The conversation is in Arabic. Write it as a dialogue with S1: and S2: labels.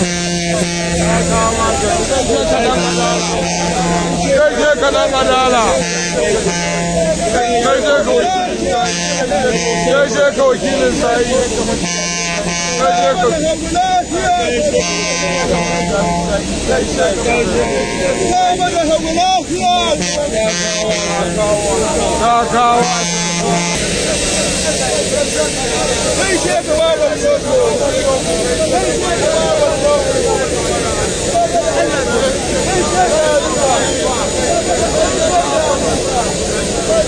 S1: Yeah.
S2: Köyde kadar malala.
S3: Köyde koy.
S4: Köyde koy
S3: kimin
S5: sayı. Köyde koy. Kakawa.
S6: Kakawa.